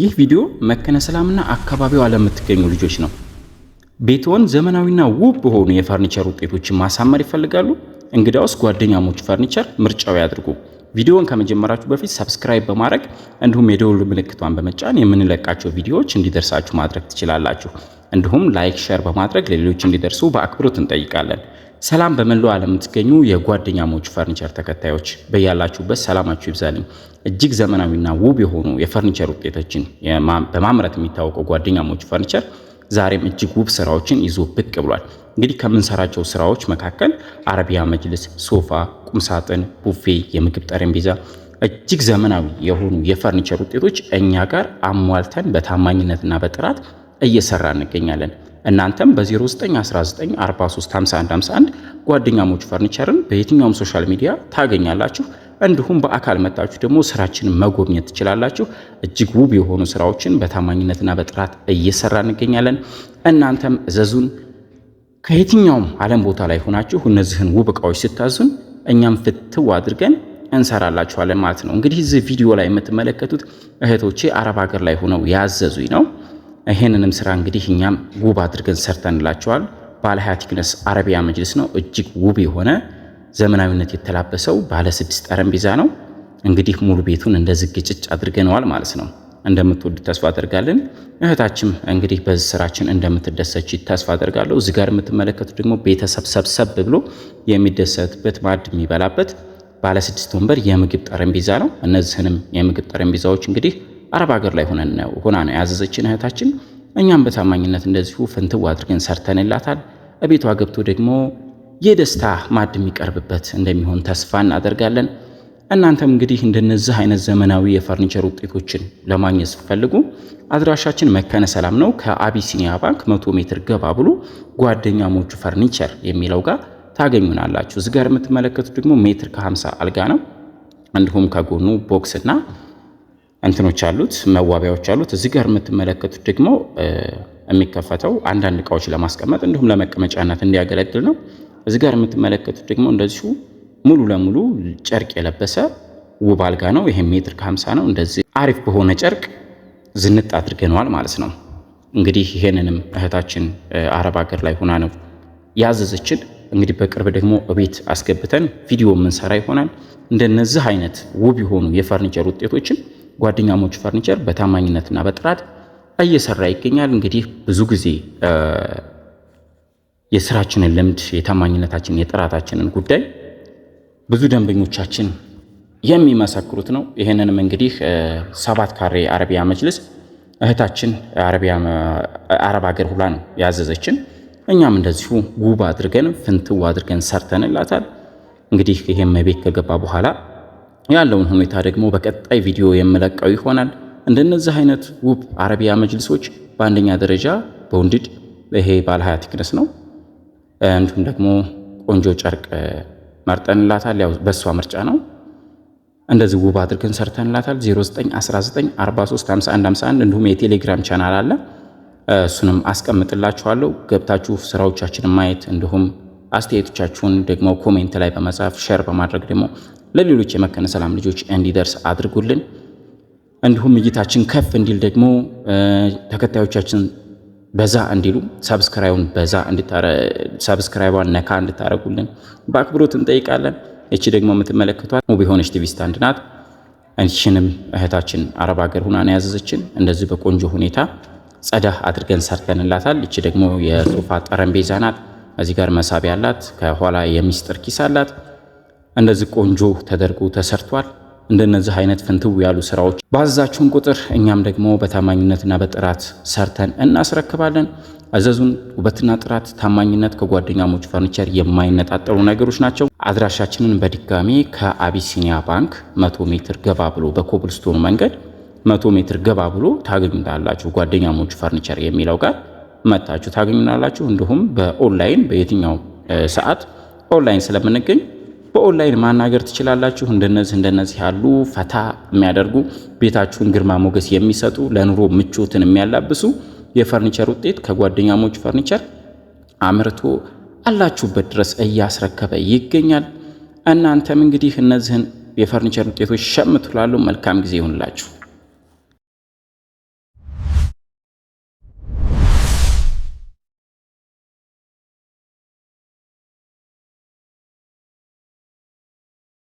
ይህ ቪዲዮ መከነ ሰላምና አካባቢዋ ለምትገኙ ልጆች ነው። ቤትዎን ዘመናዊና ውብ በሆኑ የፈርኒቸር ውጤቶችን ማሳመር ይፈልጋሉ? እንግዳውስ ጓደኛሞች ፈርኒቸር ምርጫው ያድርጉ። ቪዲዮውን ከመጀመራችሁ በፊት ሰብስክራይብ በማድረግ እንዲሁም የደውል ምልክቷን በመጫን የምንለቃቸው ቪዲዮዎች እንዲደርሳችሁ ማድረግ ትችላላችሁ። እንዲሁም ላይክ፣ ሼር በማድረግ ለሌሎች እንዲደርሱ በአክብሮት እንጠይቃለን። ሰላም በመላው ዓለም የምትገኙ የጓደኛሞች ፈርኒቸር ተከታዮች በያላችሁበት ሰላማችሁ ይብዛልኝ። እጅግ ዘመናዊና ውብ የሆኑ የፈርኒቸር ውጤቶችን በማምረት የሚታወቀው ጓደኛሞች ፈርኒቸር ዛሬም እጅግ ውብ ስራዎችን ይዞ ብቅ ብሏል። እንግዲህ ከምንሰራቸው ስራዎች መካከል አረቢያ መጅልስ፣ ሶፋ፣ ቁምሳጥን፣ ቡፌ፣ የምግብ ጠረጴዛ እጅግ ዘመናዊ የሆኑ የፈርኒቸር ውጤቶች እኛ ጋር አሟልተን በታማኝነትና በጥራት እየሰራ እንገኛለን። እናንተም በ0919435151 ጓደኛሞች ፈርኒቸርን በየትኛውም ሶሻል ሚዲያ ታገኛላችሁ። እንዲሁም በአካል መጣችሁ ደግሞ ስራችንን መጎብኘት ትችላላችሁ። እጅግ ውብ የሆኑ ስራዎችን በታማኝነትና በጥራት እየሰራ እንገኛለን። እናንተም እዘዙን። ከየትኛውም ዓለም ቦታ ላይ ሆናችሁ እነዚህን ውብ እቃዎች ስታዙን እኛም ፍትው አድርገን እንሰራላችኋለን ማለት ነው። እንግዲህ እዚህ ቪዲዮ ላይ የምትመለከቱት እህቶቼ አረብ ሀገር ላይ ሆነው ያዘዙኝ ነው። ይሄንንም ስራ እንግዲህ እኛም ውብ አድርገን ሰርተንላቸዋል። ባለ አረቢያ መጅልስ ነው። እጅግ ውብ የሆነ ዘመናዊነት የተላበሰው ባለስድስት ጠረጴዛ ነው። እንግዲህ ሙሉ ቤቱን እንደዚህ ግጭጭ አድርገነዋል ማለት ነው። እንደምትወድ ተስፋ አደርጋለን። እህታችም እንግዲህ በዚህ ስራችን እንደምትደሰች ተስፋ አደርጋለሁ። እዚህ ጋር የምትመለከቱት ደግሞ ቤተሰብ ሰብሰብ ብሎ የሚደሰትበት ማዕድ የሚበላበት ባለስድስት ወንበር የምግብ ጠረጴዛ ነው። እነዚህንም የምግብ ጠረጴዛዎች እንግዲህ አረብ ሀገር ላይ ሆና ነው ያዘዘችን እህታችን። እኛም በታማኝነት እንደዚሁ ፍንትው አድርገን ሰርተንላታል። እቤቷ ገብቶ ደግሞ የደስታ ማዕድ የሚቀርብበት እንደሚሆን ተስፋ እናደርጋለን። እናንተም እንግዲህ እንደነዚህ አይነት ዘመናዊ የፈርኒቸር ውጤቶችን ለማግኘት ስትፈልጉ አድራሻችን መካነ ሰላም ነው። ከአቢሲኒያ ባንክ መቶ ሜትር ገባ ብሎ ጓደኛሞቹ ፈርኒቸር የሚለው ጋር ታገኙናላችሁ። እዚህ ጋር የምትመለከቱት ደግሞ ሜትር ከ50 አልጋ ነው። እንዲሁም ከጎኑ ቦክስና እንትኖች አሉት መዋቢያዎች አሉት። እዚህ ጋር የምትመለከቱት ደግሞ የሚከፈተው አንዳንድ እቃዎች ለማስቀመጥ እንዲሁም ለመቀመጫነት እንዲያገለግል ነው። እዚህ ጋር የምትመለከቱት ደግሞ እንደዚሁ ሙሉ ለሙሉ ጨርቅ የለበሰ ውብ አልጋ ነው። ይሄ ሜትር ከ50 ነው። እንደዚህ አሪፍ በሆነ ጨርቅ ዝንጥ አድርገነዋል ማለት ነው። እንግዲህ ይሄንንም እህታችን አረብ ሀገር ላይ ሆና ነው ያዘዘችን። እንግዲህ በቅርብ ደግሞ እቤት አስገብተን ቪዲዮ የምንሰራ ይሆናል። እንደነዚህ አይነት ውብ የሆኑ የፈርኒቸር ውጤቶችን ጓደኛሞች ፈርኒቸር በታማኝነትና በጥራት እየሰራ ይገኛል። እንግዲህ ብዙ ጊዜ የስራችንን ልምድ፣ የታማኝነታችን፣ የጥራታችንን ጉዳይ ብዙ ደንበኞቻችን የሚመሰክሩት ነው። ይህንንም እንግዲህ ሰባት ካሬ አረቢያ መጅልስ እህታችን አረብ ሀገር ሁላ ነው ያዘዘችን። እኛም እንደዚሁ ውብ አድርገን ፍንትው አድርገን ሰርተንላታል። እንግዲህ ይህም ቤት ከገባ በኋላ ያለውን ሁኔታ ደግሞ በቀጣይ ቪዲዮ የምለቀው ይሆናል። እንደነዚህ አይነት ውብ አረቢያ መጅልሶች በአንደኛ ደረጃ በወንድድ ይሄ ባለ ሀያ ቲክነስ ነው። እንዲሁም ደግሞ ቆንጆ ጨርቅ መርጠንላታል። ያው በእሷ ምርጫ ነው። እንደዚህ ውብ አድርገን ሰርተንላታል። 0919435151 እንዲሁም የቴሌግራም ቻናል አለ። እሱንም አስቀምጥላችኋለሁ። ገብታችሁ ስራዎቻችንን ማየት እንዲሁም አስተያየቶቻችሁን ደግሞ ኮሜንት ላይ በመጻፍ ሸር በማድረግ ደግሞ ለሌሎች የመከነ ሰላም ልጆች እንዲደርስ አድርጉልን። እንዲሁም እይታችን ከፍ እንዲል ደግሞ ተከታዮቻችን በዛ እንዲሉ ሳብስክራይቡን በዛ ሳብስክራይቧን ነካ እንድታረጉልን በአክብሮት እንጠይቃለን። እቺ ደግሞ የምትመለከቷት ውብ የሆነች ቲቪ ስታንድ ናት። እችንም እህታችን አረብ ሀገር ሁና ነው ያዘዘችን። እንደዚሁ በቆንጆ ሁኔታ ጸዳ አድርገን ሰርተንላታል። እቺ ደግሞ የሶፋ ጠረጴዛ ናት። እዚህ ጋር መሳቢያ አላት። ከኋላ የሚስጥር ኪስ አላት። እንደዚህ ቆንጆ ተደርጎ ተሰርቷል። እንደነዚህ አይነት ፍንትው ያሉ ስራዎች ባዘዛችሁን ቁጥር እኛም ደግሞ በታማኝነትና በጥራት ሰርተን እናስረክባለን። አዘዙን። ውበትና ጥራት፣ ታማኝነት ከጓደኛሞች ፈርኒቸር የማይነጣጠሉ ነገሮች ናቸው። አድራሻችንን በድጋሚ ከአቢሲኒያ ባንክ መቶ ሜትር ገባ ብሎ በኮብልስቶን መንገድ መቶ ሜትር ገባ ብሎ ታገኙናላችሁ። ጓደኛሞች ፈርኒቸር የሚለው ጋር መታችሁ ታገኙናላችሁ። እንዲሁም በኦንላይን በየትኛው ሰዓት ኦንላይን ስለምንገኝ በኦንላይን ማናገር ትችላላችሁ። እንደነዚህ እንደነዚህ ያሉ ፈታ የሚያደርጉ ቤታችሁን ግርማ ሞገስ የሚሰጡ ለኑሮ ምቾትን የሚያላብሱ የፈርኒቸር ውጤት ከጓደኛሞች ፈርኒቸር አምርቶ አላችሁበት ድረስ እያስረከበ ይገኛል። እናንተም እንግዲህ እነዚህን የፈርኒቸር ውጤቶች ሸምቱ። መልካም ጊዜ ይሁንላችሁ።